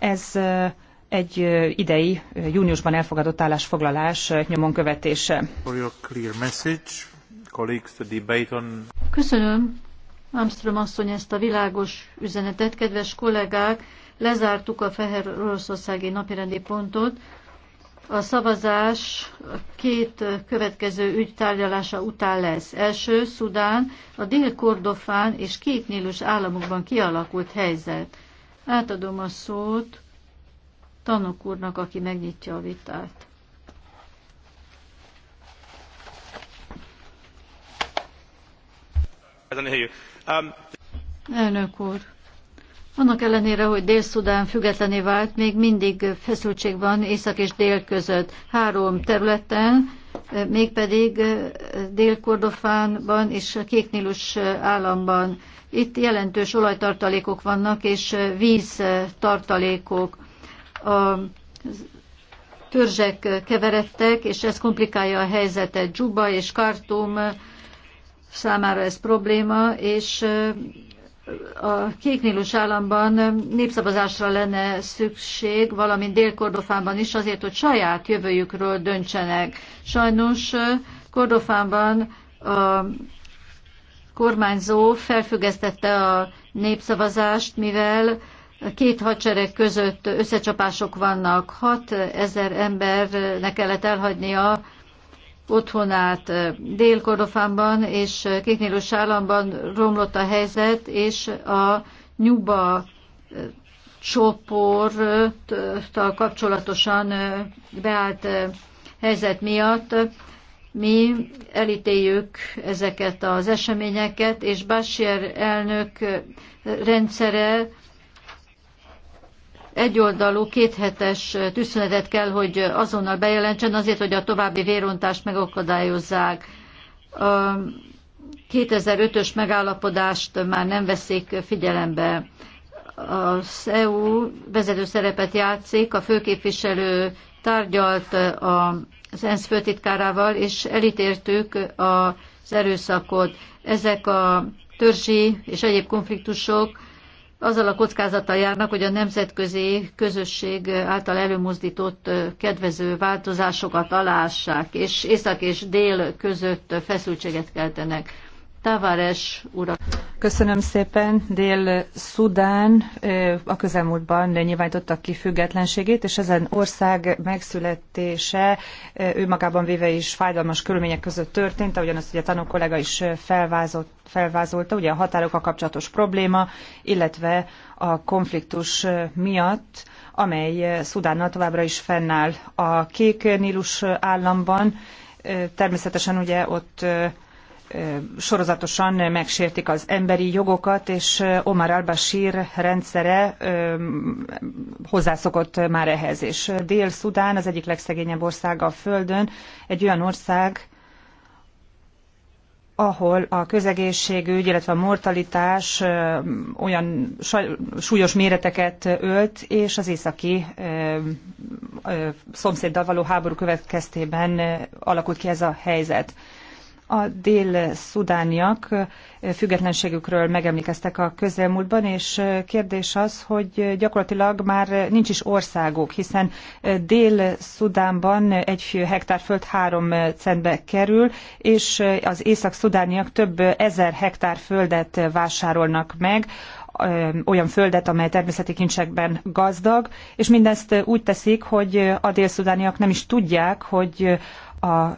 Ez egy idei júniusban elfogadott állásfoglalás nyomon követése. Köszönöm, Armstrong asszony, ezt a világos üzenetet. Kedves kollégák, lezártuk a Fehér Oroszországi napirendi pontot. A szavazás két következő ügy tárgyalása után lesz. Első, Szudán, a dél-Kordofán és két nélus államokban kialakult helyzet. Átadom a szót tanok úrnak, aki megnyitja a vitát. Elnök úr, annak ellenére, hogy Dél-Szudán függetlené vált, még mindig feszültség van észak és dél között. Három területen, mégpedig Dél-Kordofánban és Kéknilus államban. Itt jelentős olajtartalékok vannak, és víztartalékok. A törzsek keveredtek, és ez komplikálja a helyzetet. Dzsuba és Kartum számára ez probléma, és a Kéknélus államban népszavazásra lenne szükség, valamint Dél-Kordofánban is azért, hogy saját jövőjükről döntsenek. Sajnos Kordofánban a kormányzó felfüggesztette a népszavazást, mivel két hadsereg között összecsapások vannak. 6 ezer embernek kellett elhagynia otthonát Dél-Kordofánban és Kéknélős államban romlott a helyzet, és a Nyuba csoporttal kapcsolatosan beállt helyzet miatt mi elítéljük ezeket az eseményeket, és Bashir elnök rendszere egyoldalú kéthetes tűzszünetet kell, hogy azonnal bejelentsen azért, hogy a további vérontást megakadályozzák. 2005-ös megállapodást már nem veszik figyelembe. Az EU vezető szerepet játszik, a főképviselő tárgyalt az ENSZ főtitkárával, és elítértük az erőszakot. Ezek a törzsi és egyéb konfliktusok azzal a kockázattal járnak, hogy a nemzetközi közösség által előmozdított kedvező változásokat alássák, és észak és dél között feszültséget keltenek. Tavares Köszönöm szépen. Dél-Szudán a közelmúltban nyilvánítottak ki függetlenségét, és ezen ország megszületése ő magában véve is fájdalmas körülmények között történt, ahogyan azt ugye a tanú kollega is felvázolt, felvázolta, ugye a határokkal kapcsolatos probléma, illetve a konfliktus miatt, amely Szudánnal továbbra is fennáll. A Kék Nílus államban természetesen ugye ott sorozatosan megsértik az emberi jogokat, és Omar al-Bashir rendszere hozzászokott már ehhez. És Dél-Szudán az egyik legszegényebb ország a Földön, egy olyan ország, ahol a közegészségügy, illetve a mortalitás olyan súlyos méreteket ölt, és az északi szomszéddal való háború következtében alakult ki ez a helyzet. A dél-szudániak függetlenségükről megemlékeztek a közelmúltban, és kérdés az, hogy gyakorlatilag már nincs is országuk, hiszen Dél-Szudánban egy hektár föld három centbe kerül, és az észak-szudániak több ezer hektár földet vásárolnak meg, olyan földet, amely természeti kincsekben gazdag, és mindezt úgy teszik, hogy a délszudániak nem is tudják, hogy a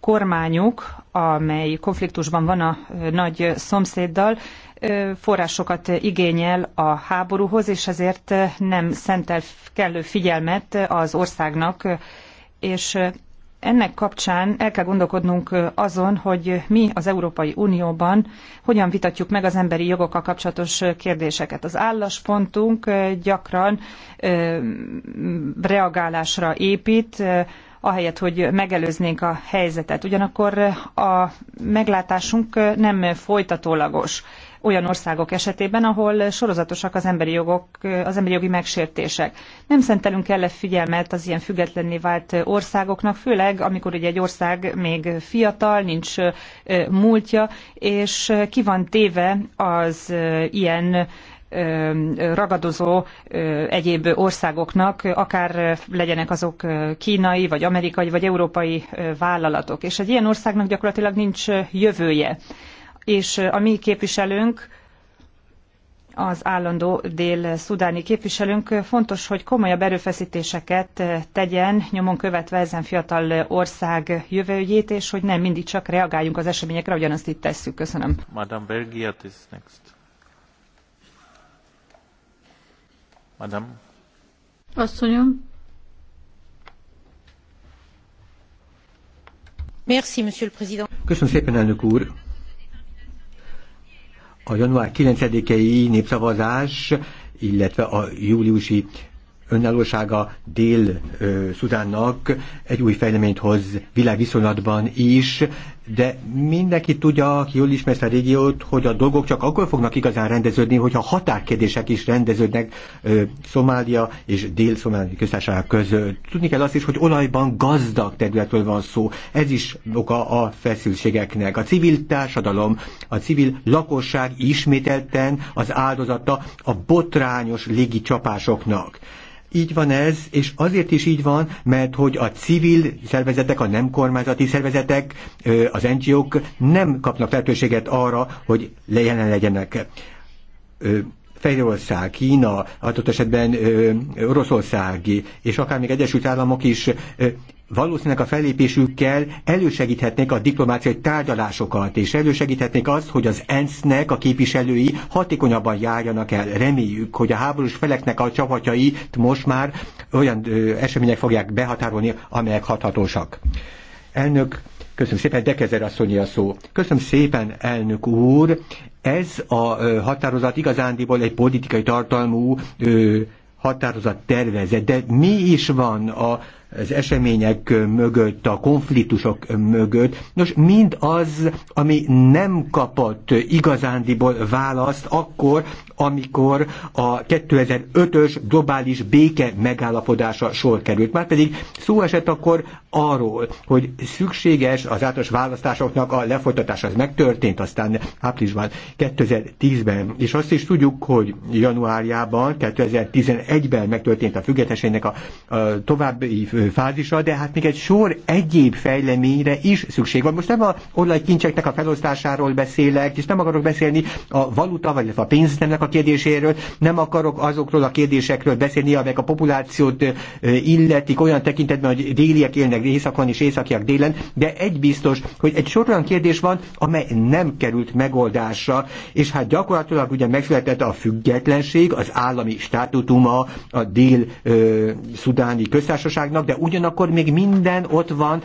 kormányuk, amely konfliktusban van a nagy szomszéddal, forrásokat igényel a háborúhoz, és ezért nem szentel kellő figyelmet az országnak, és ennek kapcsán el kell gondolkodnunk azon, hogy mi az Európai Unióban hogyan vitatjuk meg az emberi jogokkal kapcsolatos kérdéseket. Az álláspontunk gyakran reagálásra épít, ahelyett, hogy megelőznénk a helyzetet. Ugyanakkor a meglátásunk nem folytatólagos olyan országok esetében, ahol sorozatosak az emberi jogok, az emberi jogi megsértések. Nem szentelünk el figyelmet az ilyen függetlenné vált országoknak, főleg amikor ugye egy ország még fiatal, nincs múltja, és ki van téve az ilyen ragadozó egyéb országoknak, akár legyenek azok kínai, vagy amerikai, vagy európai vállalatok. És egy ilyen országnak gyakorlatilag nincs jövője. És a mi képviselőnk, az állandó dél-szudáni képviselőnk fontos, hogy komolyabb erőfeszítéseket tegyen, nyomon követve ezen fiatal ország jövőjét, és hogy nem mindig csak reagáljunk az eseményekre, ugyanazt itt tesszük. Köszönöm. Madame Bergiat is next. Madam. Asszonyom. Merci, Monsieur le Président. Köszönöm szépen, elnök úr. A január 9-i népszavazás, illetve a júliusi önállósága Dél-Szudánnak egy új fejleményt hoz világviszonylatban is, de mindenki tudja, aki jól ismerte a régiót, hogy a dolgok csak akkor fognak igazán rendeződni, hogyha határkérdések is rendeződnek ö, Szomália és Dél-Szomália köztársaság között. Tudni kell azt is, hogy olajban gazdag területről van szó. Ez is oka a feszültségeknek. A civil társadalom, a civil lakosság ismételten az áldozata a botrányos légi csapásoknak. Így van ez, és azért is így van, mert hogy a civil szervezetek, a nem kormányzati szervezetek, az NGO-k nem kapnak lehetőséget arra, hogy jelen legyenek Fejlország, Kína, adott esetben ö, Oroszország, és akár még Egyesült Államok is ö, valószínűleg a fellépésükkel elősegíthetnék a diplomáciai tárgyalásokat, és elősegíthetnék azt, hogy az ENSZ-nek a képviselői hatékonyabban járjanak el. Reméljük, hogy a háborús feleknek a csapatjait most már olyan ö, események fogják behatárolni, amelyek hathatósak. Elnök Köszönöm szépen, Dekezer asszonyi a szó. Köszönöm szépen, elnök úr. Ez a határozat igazándiból egy politikai tartalmú határozat tervezet, de mi is van a az események mögött, a konfliktusok mögött. Nos, mind az, ami nem kapott igazándiból választ akkor, amikor a 2005-ös globális béke megállapodása sor került. Márpedig szó esett akkor arról, hogy szükséges az általános választásoknak a lefolytatása. Ez megtörtént aztán áprilisban 2010-ben, és azt is tudjuk, hogy januárjában, 2011-ben megtörtént a függetlenségnek a, a további fázisra, de hát még egy sor egyéb fejleményre is szükség van. Most nem a kincseknek a felosztásáról beszélek, és nem akarok beszélni a valuta, vagy a pénznemnek a kérdéséről, nem akarok azokról a kérdésekről beszélni, amelyek a populációt illetik olyan tekintetben, hogy déliek élnek északon és északiak délen, de egy biztos, hogy egy sor olyan kérdés van, amely nem került megoldásra, és hát gyakorlatilag ugye megszületett a függetlenség, az állami státutuma a dél-szudáni köztársaságnak, de ugyanakkor még minden ott van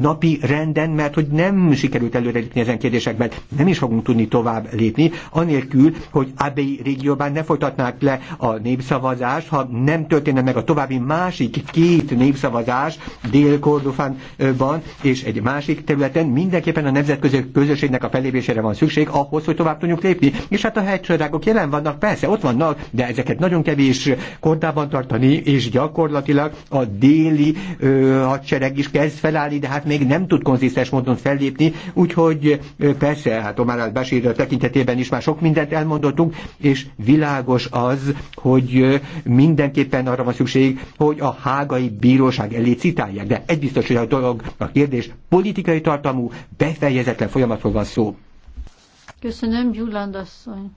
napi renden, mert hogy nem sikerült előrelépni ezen kérdésekben. Nem is fogunk tudni tovább lépni, anélkül, hogy Abbey régióban ne folytatnák le a népszavazást, ha nem történne meg a további másik két népszavazás Dél-Kordofánban és egy másik területen mindenképpen a nemzetközi közösségnek a felépésére van szükség ahhoz, hogy tovább tudjunk lépni. És hát a hegycsodágok jelen vannak, persze ott vannak, de ezeket nagyon kevés kordában tartani, és gyakorlatilag a déli izraeli ö, hadsereg is kezd felállni, de hát még nem tud konzisztens módon fellépni, úgyhogy ö, persze, hát Omar al-Bashir tekintetében is már sok mindent elmondottunk, és világos az, hogy ö, mindenképpen arra van szükség, hogy a hágai bíróság elé citálják, de egy biztos, hogy a dolog, a kérdés politikai tartalmú, befejezetlen folyamatról van szó. Köszönöm, Gyuland asszony.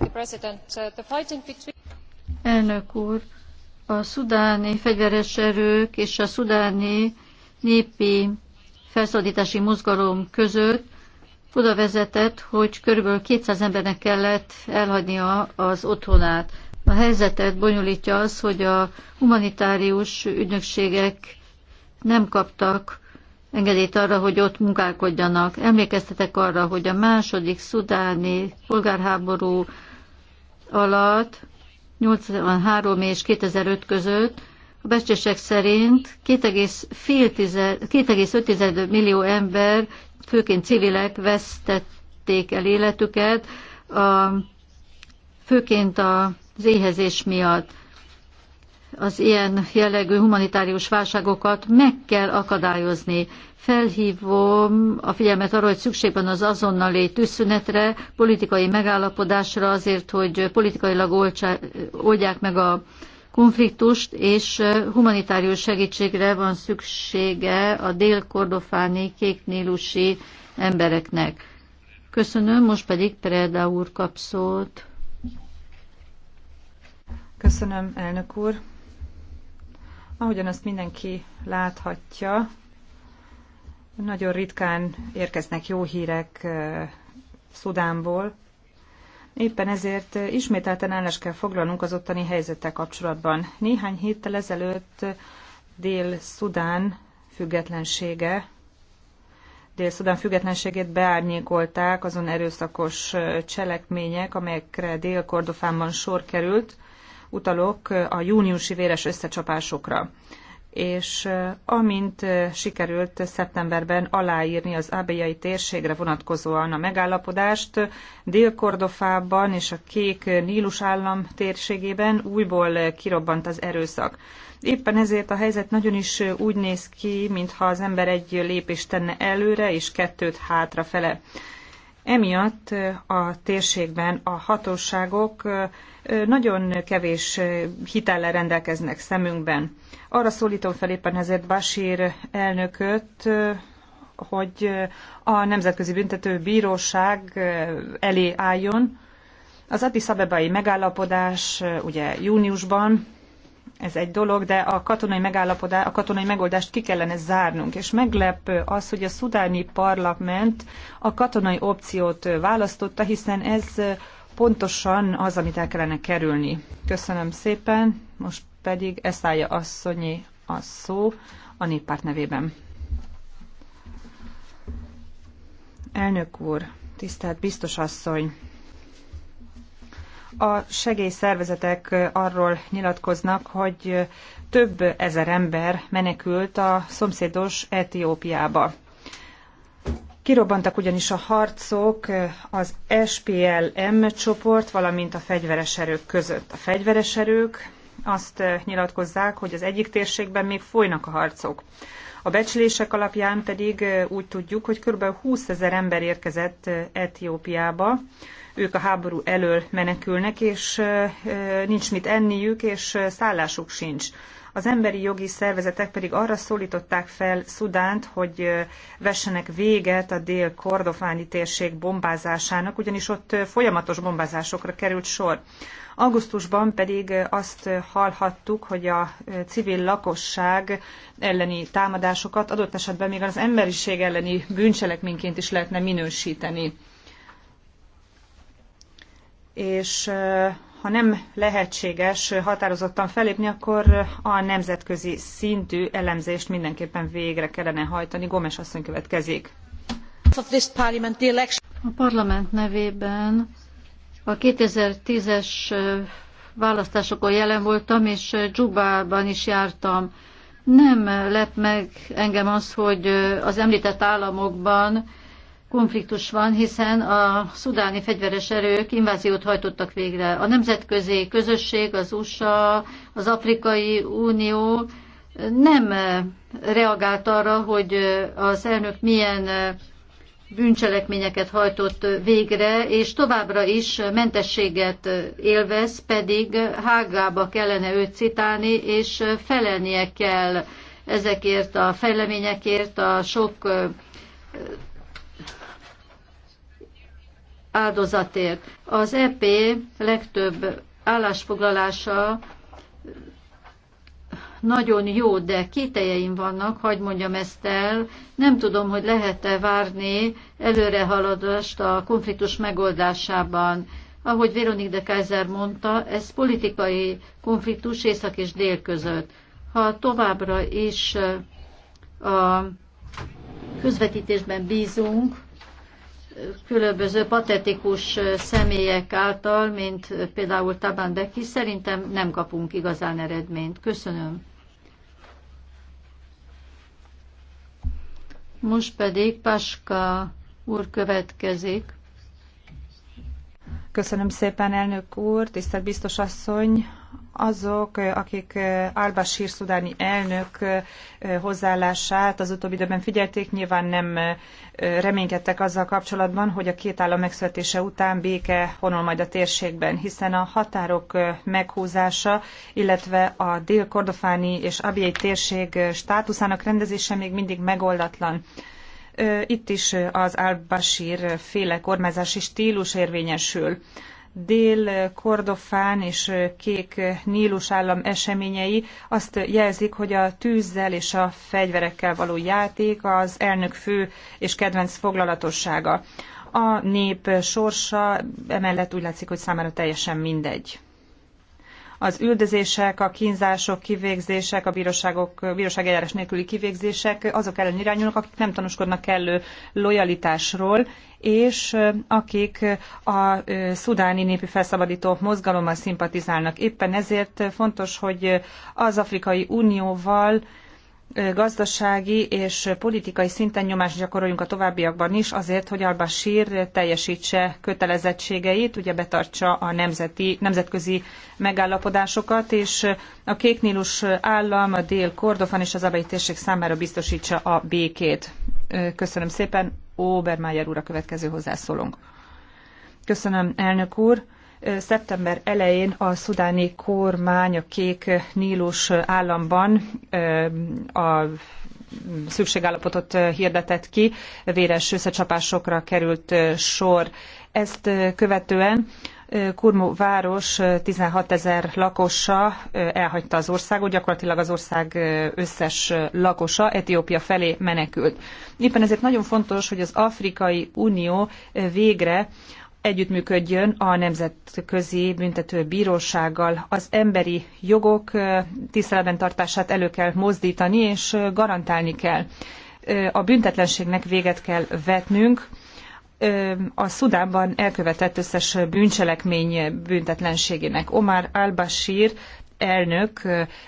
Mr. President, uh, the fighting between Elnök úr, a szudáni fegyveres erők és a szudáni népi felszabadítási mozgalom között oda vezetett, hogy körülbelül 200 embernek kellett elhagynia az otthonát. A helyzetet bonyolítja az, hogy a humanitárius ügynökségek nem kaptak engedélyt arra, hogy ott munkálkodjanak. Emlékeztetek arra, hogy a második szudáni polgárháború alatt 83 és 2005 között a becsések szerint 2,5 millió ember, főként civilek vesztették el életüket, a, főként az éhezés miatt az ilyen jellegű humanitárius válságokat meg kell akadályozni. Felhívom a figyelmet arra, hogy szükség van az azonnali tűzszünetre, politikai megállapodásra azért, hogy politikailag oldják meg a konfliktust, és humanitárius segítségre van szüksége a dél-kordofáni kéknélusi embereknek. Köszönöm, most pedig Preda úr kap szót. Köszönöm, elnök úr. Ahogyan azt mindenki láthatja, nagyon ritkán érkeznek jó hírek Szudánból. Éppen ezért ismételten állás kell foglalnunk az ottani helyzettel kapcsolatban. Néhány héttel ezelőtt Dél-Szudán függetlensége, Dél-Szudán függetlenségét beárnyékolták azon erőszakos cselekmények, amelyekre Dél-Kordofánban sor került, utalok a júniusi véres összecsapásokra és amint sikerült szeptemberben aláírni az ábélyai térségre vonatkozóan a megállapodást, Dél-Kordofában és a Kék Nílus állam térségében újból kirobbant az erőszak. Éppen ezért a helyzet nagyon is úgy néz ki, mintha az ember egy lépést tenne előre és kettőt hátrafele. Emiatt a térségben a hatóságok nagyon kevés hitellel rendelkeznek szemünkben. Arra szólítom fel éppen ezért Basír elnököt, hogy a Nemzetközi Büntető Bíróság elé álljon. Az Addis Abebai megállapodás ugye júniusban ez egy dolog, de a katonai megállapodás, a katonai megoldást ki kellene zárnunk, és meglepő az, hogy a szudáni parlament a katonai opciót választotta, hiszen ez pontosan az, amit el kellene kerülni. Köszönöm szépen, most pedig Eszája asszonyi a szó a néppárt nevében. Elnök úr, tisztelt biztos asszony, a segélyszervezetek arról nyilatkoznak, hogy több ezer ember menekült a szomszédos Etiópiába. Kirobbantak ugyanis a harcok az SPLM csoport, valamint a fegyveres erők között. A fegyveres erők azt nyilatkozzák, hogy az egyik térségben még folynak a harcok. A becslések alapján pedig úgy tudjuk, hogy kb. 20 ezer ember érkezett Etiópiába, ők a háború elől menekülnek, és nincs mit enniük, és szállásuk sincs. Az emberi jogi szervezetek pedig arra szólították fel Szudánt, hogy vessenek véget a dél-kordofáni térség bombázásának, ugyanis ott folyamatos bombázásokra került sor. Augusztusban pedig azt hallhattuk, hogy a civil lakosság elleni támadásokat adott esetben még az emberiség elleni bűncselekményként is lehetne minősíteni és ha nem lehetséges határozottan felépni, akkor a nemzetközi szintű elemzést mindenképpen végre kellene hajtani. Gomes asszony következik. A parlament nevében a 2010-es választásokon jelen voltam, és Dzsubában is jártam. Nem lett meg engem az, hogy az említett államokban konfliktus van, hiszen a szudáni fegyveres erők inváziót hajtottak végre. A nemzetközi közösség, az USA, az Afrikai Unió nem eh, reagált arra, hogy eh, az elnök milyen eh, bűncselekményeket hajtott végre, és továbbra is mentességet élvez, pedig hágába kellene őt citálni, és felelnie kell ezekért a fejleményekért, a sok áldozatért. Az EP legtöbb állásfoglalása nagyon jó, de kételjeim vannak, hagyd mondjam ezt el. Nem tudom, hogy lehet-e várni előrehaladást a konfliktus megoldásában. Ahogy Véronik de Kaiser mondta, ez politikai konfliktus észak és dél között. Ha továbbra is a közvetítésben bízunk, különböző patetikus személyek által, mint például Tabán Beki, szerintem nem kapunk igazán eredményt. Köszönöm. Most pedig Paska úr következik. Köszönöm szépen, elnök úr, tisztelt biztos asszony, azok, akik eh, Al-Bashir szudáni elnök eh, hozzáállását az utóbbi időben figyelték, nyilván nem eh, reménykedtek azzal kapcsolatban, hogy a két állam megszületése után béke honol majd a térségben, hiszen a határok meghúzása, illetve a dél-kordofáni és abjai térség státuszának rendezése még mindig megoldatlan itt is az al-Bashir féle kormányzási stílus érvényesül. Dél-Kordofán és Kék Nílus állam eseményei azt jelzik, hogy a tűzzel és a fegyverekkel való játék az elnök fő és kedvenc foglalatossága. A nép sorsa emellett úgy látszik, hogy számára teljesen mindegy. Az üldözések, a kínzások, kivégzések, a bíróságok, bíróság eljárás nélküli kivégzések azok ellen irányulnak, akik nem tanúskodnak kellő lojalitásról, és akik a szudáni népi felszabadító mozgalommal szimpatizálnak. Éppen ezért fontos, hogy az Afrikai Unióval gazdasági és politikai szinten nyomást gyakoroljunk a továbbiakban is azért, hogy al-Bashir teljesítse kötelezettségeit, ugye betartsa a nemzeti, nemzetközi megállapodásokat, és a Kéknílus állam, a Dél-Kordofan és az abai térség számára biztosítsa a békét. Köszönöm szépen, Obermájer úr a következő hozzászólónk. Köszönöm, elnök úr. Szeptember elején a szudáni kormány a Kék Nílus államban a szükségállapotot hirdetett ki, véres összecsapásokra került sor. Ezt követően Kurmu város 16 ezer lakosa elhagyta az országot, gyakorlatilag az ország összes lakosa Etiópia felé menekült. Éppen ezért nagyon fontos, hogy az Afrikai Unió végre együttműködjön a Nemzetközi Büntető Bírósággal. Az emberi jogok tiszteletben tartását elő kell mozdítani és garantálni kell. A büntetlenségnek véget kell vetnünk, a Szudánban elkövetett összes bűncselekmény büntetlenségének. Omar al-Bashir elnök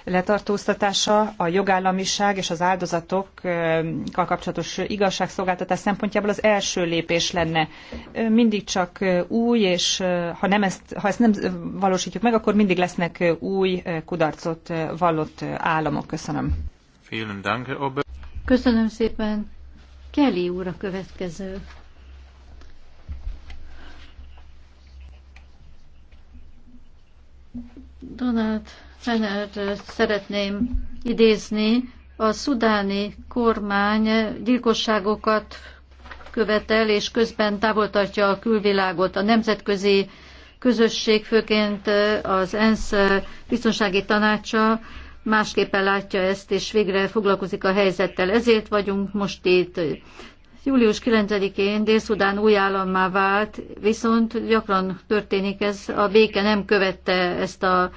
letartóztatása a jogállamiság és az áldozatokkal kapcsolatos igazságszolgáltatás szempontjából az első lépés lenne. Mindig csak új, és ha, nem ezt, ha ezt nem valósítjuk meg, akkor mindig lesznek új kudarcot vallott államok. Köszönöm. Köszönöm szépen. Kelly úr a következő. Donát Fenert szeretném idézni. A szudáni kormány gyilkosságokat követel, és közben távoltartja a külvilágot. A nemzetközi közösség, főként az ENSZ biztonsági tanácsa másképpen látja ezt, és végre foglalkozik a helyzettel. Ezért vagyunk most itt. Július 9-én Dél-Szudán új állammá vált, viszont gyakran történik ez, a béke nem követte ezt a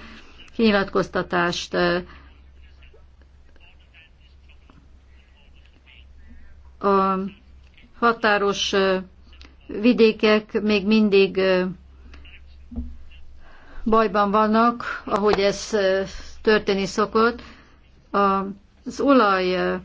kinyilatkoztatást. A határos vidékek még mindig bajban vannak, ahogy ez történni szokott. Az olaj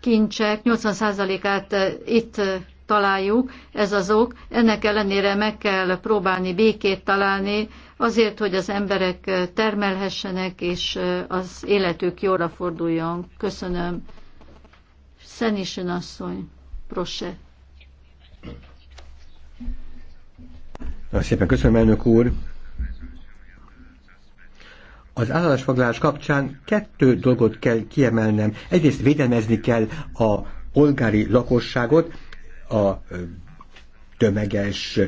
kincsek 80%-át eh, itt eh, találjuk, ez az ok. Ennek ellenére meg kell próbálni békét találni, azért, hogy az emberek eh, termelhessenek, és az életük jóra forduljon. Köszönöm. Szenisön asszony, prosse. Szépen köszönöm, elnök úr az állásfoglalás kapcsán kettő dolgot kell kiemelnem. Egyrészt védelmezni kell a polgári lakosságot a tömeges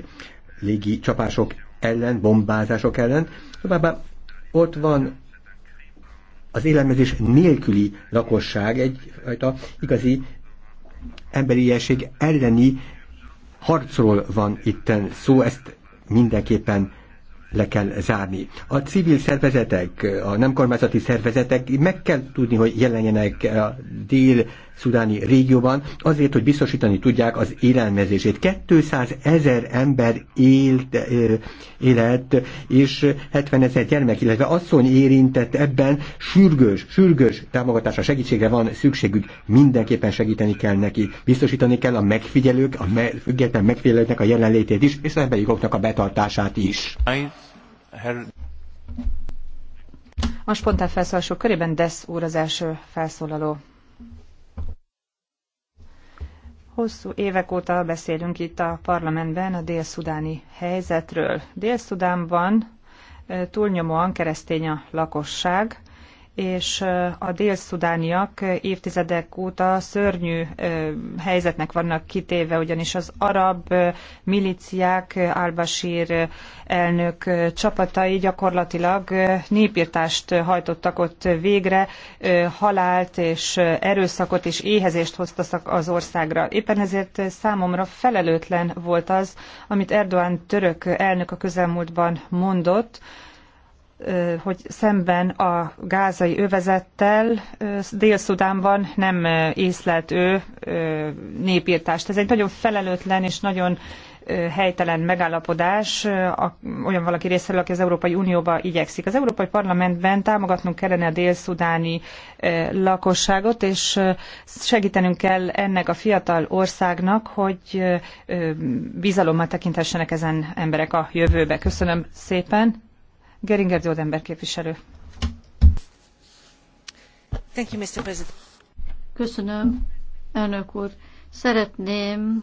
légi csapások ellen, bombázások ellen. Továbbá ott van az élelmezés nélküli lakosság, egyfajta igazi emberiesség elleni harcról van itten szó, ezt mindenképpen le kell zárni. A civil szervezetek, a nem kormányzati szervezetek meg kell tudni, hogy jelenjenek a dél szudáni régióban, azért, hogy biztosítani tudják az élelmezését. 200 ezer ember élt, élet, és 70 ezer gyermek, illetve asszony érintett ebben sürgős, sürgős támogatásra, segítségre van szükségük. Mindenképpen segíteni kell neki. Biztosítani kell a megfigyelők, a me, független megfigyelőknek a jelenlétét is, és az emberi jogoknak a betartását is. A spontán felszólalások körében Desz úr az első felszólaló. Hosszú évek óta beszélünk itt a parlamentben a dél-szudáni helyzetről. Dél-szudánban túlnyomóan keresztény a lakosság, és a dél dél-szudániak évtizedek óta szörnyű helyzetnek vannak kitéve, ugyanis az arab miliciák, Al-Bashir elnök csapatai gyakorlatilag népírtást hajtottak ott végre, halált és erőszakot és éhezést hoztak az országra. Éppen ezért számomra felelőtlen volt az, amit Erdoğan török elnök a közelmúltban mondott, hogy szemben a gázai övezettel Dél-Szudánban nem észlelt ő népírtást. Ez egy nagyon felelőtlen és nagyon helytelen megállapodás olyan valaki részéről, aki az Európai Unióba igyekszik. Az Európai Parlamentben támogatnunk kellene a dél-szudáni lakosságot, és segítenünk kell ennek a fiatal országnak, hogy bizalommal tekinthessenek ezen emberek a jövőbe. Köszönöm szépen! Geringer Zoldenberg képviselő. Thank you, Mr. Köszönöm, elnök úr. Szeretném,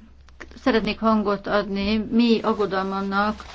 szeretnék hangot adni mi aggodalmannak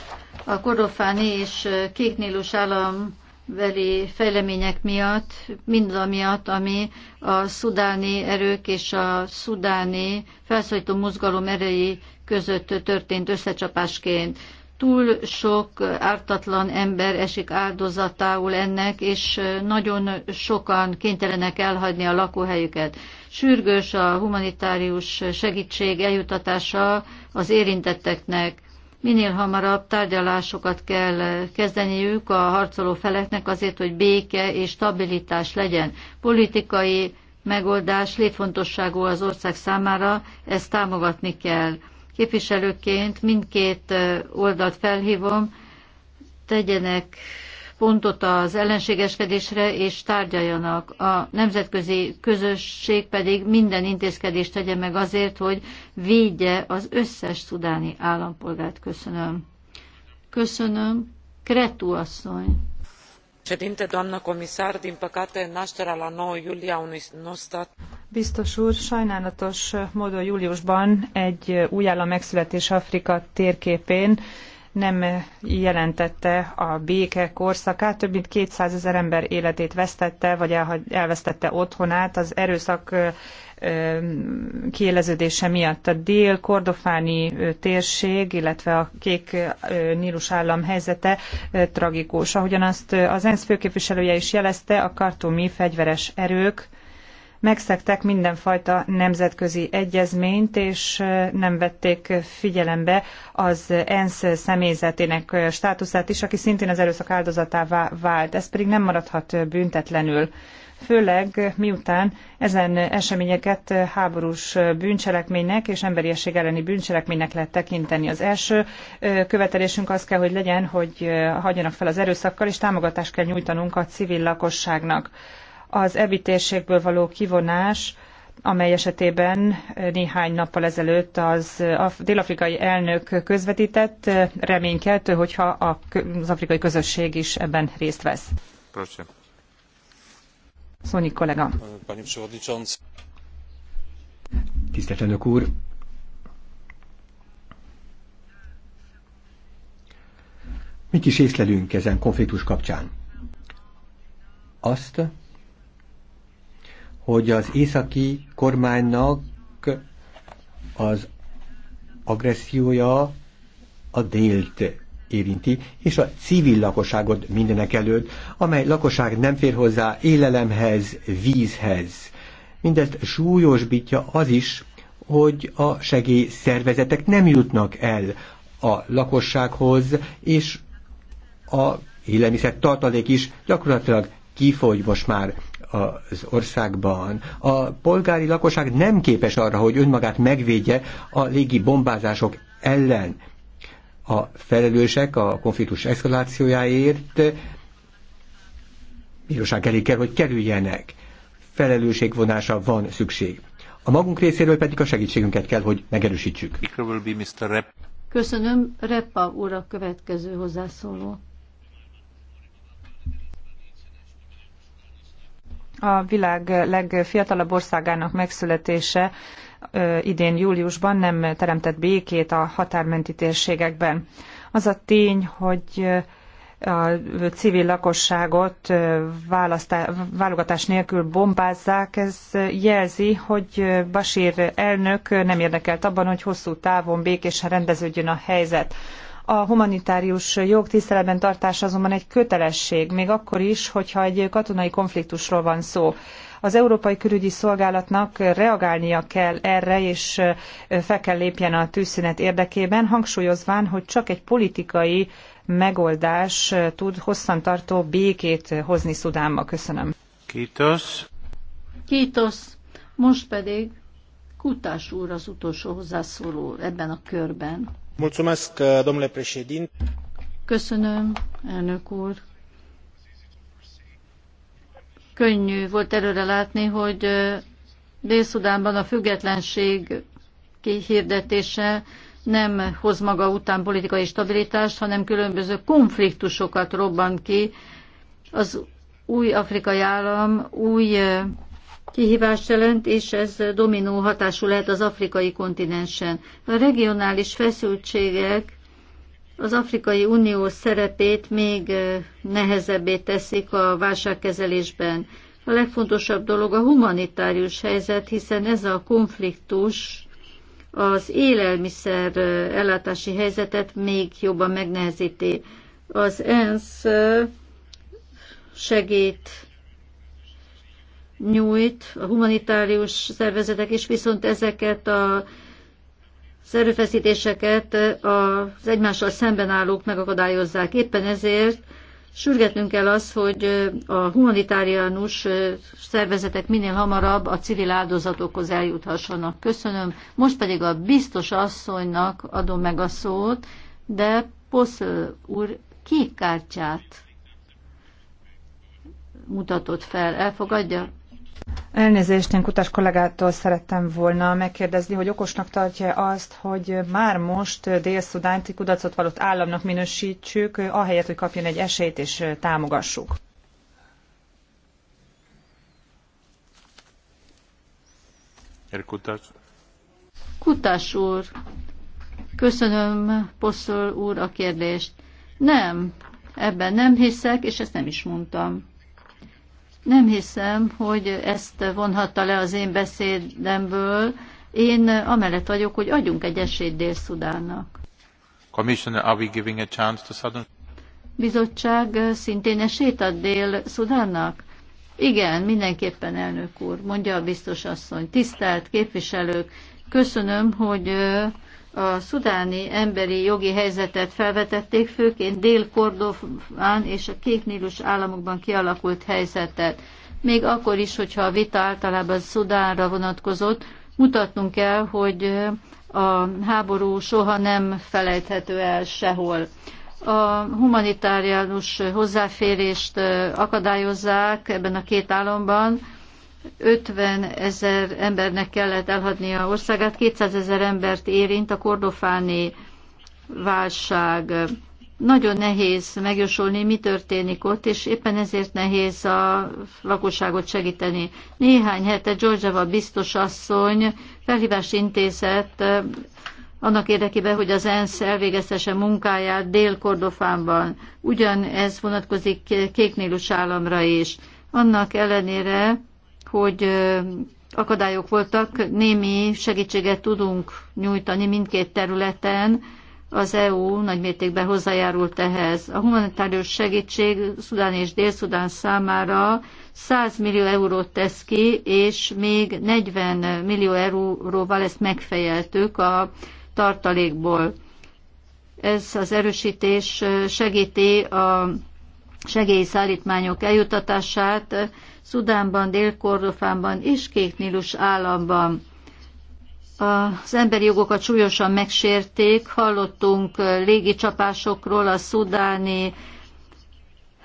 a Kordofáni és Kéknélus állam veli fejlemények miatt, mind miatt, ami a szudáni erők és a szudáni felszólító mozgalom erei között történt összecsapásként túl sok ártatlan ember esik áldozatául ennek, és nagyon sokan kénytelenek elhagyni a lakóhelyüket. Sürgős a humanitárius segítség eljutatása az érintetteknek. Minél hamarabb tárgyalásokat kell kezdeniük a harcoló feleknek azért, hogy béke és stabilitás legyen. Politikai megoldás létfontosságú az ország számára, ezt támogatni kell. Képviselőként mindkét oldalt felhívom, tegyenek pontot az ellenségeskedésre, és tárgyaljanak. A nemzetközi közösség pedig minden intézkedést tegye meg azért, hogy védje az összes szudáni állampolgárt. Köszönöm. Köszönöm. Kretu asszony. Ședinte, doamnă comisar, din păcate, nașterea la 9 iulie a unui nou stat Biztos úr, sajnálatos módon júliusban egy új állam megszületés Afrika térképén nem jelentette a béke korszakát, több mint 200 ezer ember életét vesztette, vagy elvesztette otthonát az erőszak kiéleződése miatt. A dél-kordofáni térség, illetve a kék Nílus állam helyzete tragikus. Ahogyan azt az ENSZ főképviselője is jelezte, a kartumi fegyveres erők megszegtek mindenfajta nemzetközi egyezményt, és nem vették figyelembe az ENSZ személyzetének státuszát is, aki szintén az erőszak áldozatává vált. Ez pedig nem maradhat büntetlenül főleg miután ezen eseményeket háborús bűncselekménynek és emberiesség elleni bűncselekménynek lehet tekinteni. Az első követelésünk az kell, hogy legyen, hogy hagyjanak fel az erőszakkal, és támogatást kell nyújtanunk a civil lakosságnak. Az EBI térségből való kivonás amely esetében néhány nappal ezelőtt az délafrikai elnök közvetített, reménykeltő, hogyha az afrikai közösség is ebben részt vesz. Proszę. Szónyi kollega. Tisztelt elnök úr. Mit is észlelünk ezen konfliktus kapcsán? Azt, hogy az északi kormánynak az agressziója a délt érinti, és a civil lakosságot mindenek előtt, amely lakosság nem fér hozzá élelemhez, vízhez. Mindezt súlyosbítja az is, hogy a segélyszervezetek nem jutnak el a lakossághoz, és a élelmiszer tartalék is gyakorlatilag kifogy most már az országban. A polgári lakosság nem képes arra, hogy önmagát megvédje a légi bombázások ellen. A felelősek a konfliktus eszkalációjáért bíróság elé kell, hogy kerüljenek. Felelősségvonása van szükség. A magunk részéről pedig a segítségünket kell, hogy megerősítsük. Köszönöm. Repa úr a következő hozzászóló. a világ legfiatalabb országának megszületése idén júliusban nem teremtett békét a határmenti térségekben. Az a tény, hogy a civil lakosságot válogatás nélkül bombázzák, ez jelzi, hogy Basír elnök nem érdekelt abban, hogy hosszú távon békésen rendeződjön a helyzet. A humanitárius jog tiszteletben tartása azonban egy kötelesség, még akkor is, hogyha egy katonai konfliktusról van szó. Az Európai Külügyi Szolgálatnak reagálnia kell erre, és fel kell lépjen a tűzszünet érdekében, hangsúlyozván, hogy csak egy politikai megoldás tud hosszantartó békét hozni Szudánba. Köszönöm. Kítos. Kítos. Most pedig Kutás úr az utolsó hozzászóló ebben a körben. Köszönöm, elnök Könnyű volt előre látni, hogy Dél-Szudánban a függetlenség kihirdetése nem hoz maga után politikai stabilitást, hanem különböző konfliktusokat robban ki. Az új afrikai állam új kihívást jelent, és ez dominó hatású lehet az afrikai kontinensen. A regionális feszültségek az Afrikai Unió szerepét még nehezebbé teszik a válságkezelésben. A legfontosabb dolog a humanitárius helyzet, hiszen ez a konfliktus az élelmiszer ellátási helyzetet még jobban megnehezíti. Az ENSZ segít nyújt a humanitárius szervezetek is, viszont ezeket a az erőfeszítéseket az egymással szemben állók megakadályozzák. Éppen ezért sürgetnünk kell az, hogy a humanitáriánus szervezetek minél hamarabb a civil áldozatokhoz eljuthassanak. Köszönöm. Most pedig a biztos asszonynak adom meg a szót, de Poszl úr kék kártyát mutatott fel. Elfogadja? Elnézést, én Kutas kollégától szerettem volna megkérdezni, hogy okosnak tartja azt, hogy már most Dél-Szudánt kudarcot vallott államnak minősítsük, ahelyett, hogy kapjon egy esélyt és támogassuk. Kutas. Kutás úr, köszönöm Poszol úr a kérdést. Nem, ebben nem hiszek, és ezt nem is mondtam. Nem hiszem, hogy ezt vonhatta le az én beszédemből. Én amellett vagyok, hogy adjunk egy esélyt Dél-Szudánnak. Commissioner, are we giving a chance to Southern... Bizottság szintén esélyt ad Dél-Szudánnak? Igen, mindenképpen elnök úr, mondja a biztos asszony. Tisztelt képviselők, köszönöm, hogy a szudáni emberi jogi helyzetet felvetették, főként Dél-Kordofán és a Kéknílus államokban kialakult helyzetet. Még akkor is, hogyha a vita általában Szudánra vonatkozott, mutatnunk kell, hogy a háború soha nem felejthető el sehol. A humanitáriánus hozzáférést akadályozzák ebben a két államban, 50 ezer embernek kellett elhagyni a országát, 200 ezer embert érint a kordofáni válság. Nagyon nehéz megjósolni, mi történik ott, és éppen ezért nehéz a lakosságot segíteni. Néhány hete Georgiava biztos asszony felhívást intézett eh, annak érdekében, hogy az ENSZ elvégeztesse munkáját Dél-Kordofánban. Ugyanez vonatkozik Kéknélus államra is. Annak ellenére, hogy akadályok voltak, némi segítséget tudunk nyújtani mindkét területen, az EU nagymértékben hozzájárult ehhez. A humanitárius segítség Szudán és Dél-Szudán számára 100 millió eurót tesz ki, és még 40 millió euróval ezt megfejeltük a tartalékból. Ez az erősítés segíti a segélyszállítmányok eljutatását Szudánban, Dél-Kordofánban és Nílus államban. Az emberi jogokat súlyosan megsérték, hallottunk légicsapásokról, a szudáni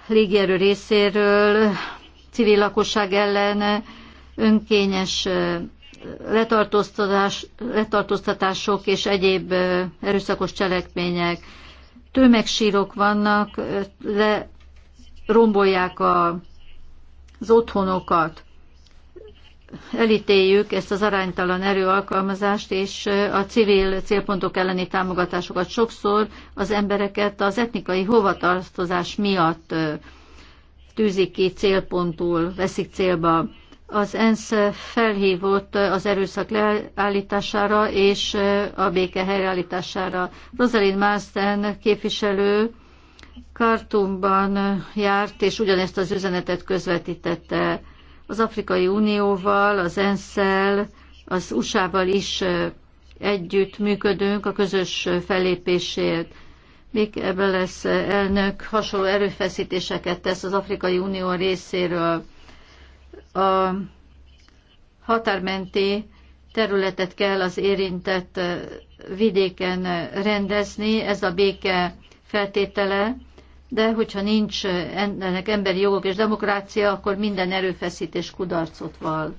légierő részéről, civil lakosság ellen önkényes letartóztatás, letartóztatások és egyéb erőszakos cselekmények. Tömegsírok vannak, le, rombolják a, az otthonokat. Elítéljük ezt az aránytalan erőalkalmazást és a civil célpontok elleni támogatásokat. Sokszor az embereket az etnikai hovatartozás miatt tűzik ki célpontul, veszik célba. Az ENSZ felhívott az erőszak leállítására és a béke helyreállítására. Rosalind Marsten képviselő Kartumban járt, és ugyanezt az üzenetet közvetítette az Afrikai Unióval, az ensz az USA-val is együtt működünk a közös fellépésért. Még ebben lesz elnök, hasonló erőfeszítéseket tesz az Afrikai Unió részéről. A határmenti területet kell az érintett vidéken rendezni, ez a béke feltétele, de hogyha nincs eh, ennek emberi jogok és demokrácia, akkor minden erőfeszítés kudarcot val.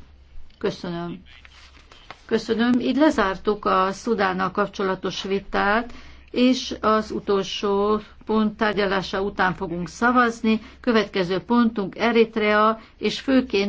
Köszönöm. Köszönöm. Így lezártuk a Szudánnal kapcsolatos vitát, és az utolsó pont tárgyalása után fogunk szavazni. Következő pontunk Eritrea, és főként